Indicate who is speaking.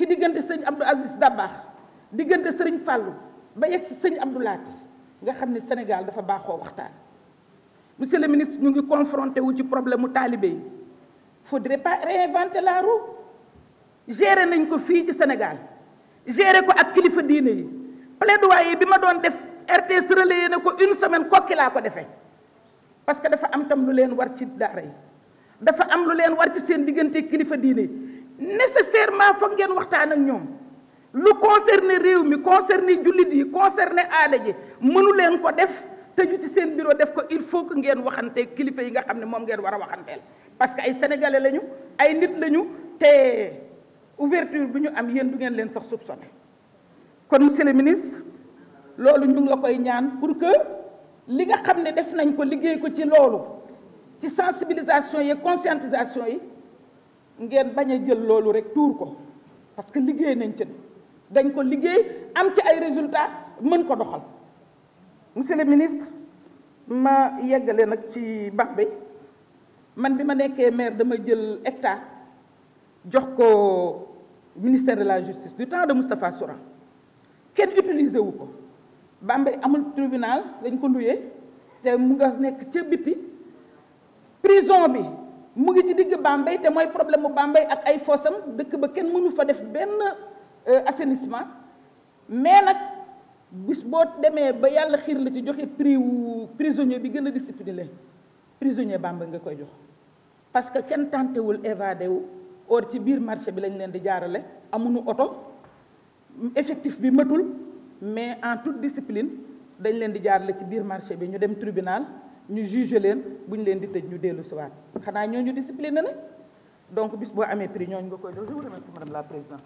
Speaker 1: ci digënté sëñ Abdou Aziz Dabakh digënté sëriñ Fallou ba yegg si sëñ Abdou Lahat nga xamné Sénégal dafa baxo waxtaan monsieur le ministre ñu ngi confronté wu ci problème mu taalibe faudrait pas réinventer la roue gérer nañ ko fi ci Sénégal gérer ko ak kilifa diine yi plaidoyer bi doon def RTS relayé na ko une semaine kokki la ko défé parce que dafa am tam lu leen war ci daara yi dafa am lu leen war ci seen digënté kilifa diine nécessairement faut ngeen waxtaan ak ñom lu concerné réew mi concerné jullit yi concerné aada ji mënu leen ko def tëju ci seen bureau def ko il faut que ngeen waxante kilifa yi nga xam mom moom ngeen war a parce que ay sénégalais lañu ay nit lañu té ouverture bi ñu am yeen du ngeen leen sax soupçonné kon monsieur le ministre lolu ñu ngi la koy ñaan pour que li nga xam def nañ ko liggéey ko ci lolu ci sensibilisation yi conscientisation yi ngeen bañ a jël loolu rek tuur ko parce que liggéey nañ ci dañ ko liggéey am ci ay résultats mën ko doxal monsieur le ministre ma yeggale nag ci Bambey man bi ma nekkee maire dama jël hectare jox ko ministère de la justice du temps de Moustapha Soura kenn utilisé wu ko Bambey amul tribunal dañ ko luyee te mu nga nekk ca biti prison bi mu ngi ci digg bambay te mooy problème bambay, ak ay fosam dëkk ba kenn mënu fa def benn euh, assainissement mais nag bis boo demee ba yàlla xiir la ci joxe prix prisonnier bi gën a discipliné prisonnier bamba nga koy jox parce que kenn tàntewul évadé wu or ci biir marché bi lañ leen di jaarale amuñu oto effectif bi matul mais en toute discipline dañ leen di jaarale ci biir marché bi ñu dem tribunal ñu juge leen buñ len di tej ñu délu ci wat xana ñoo ñu discipline na donc bis bo amé prix ñoo nga koy jox je vous remercie madame la présidente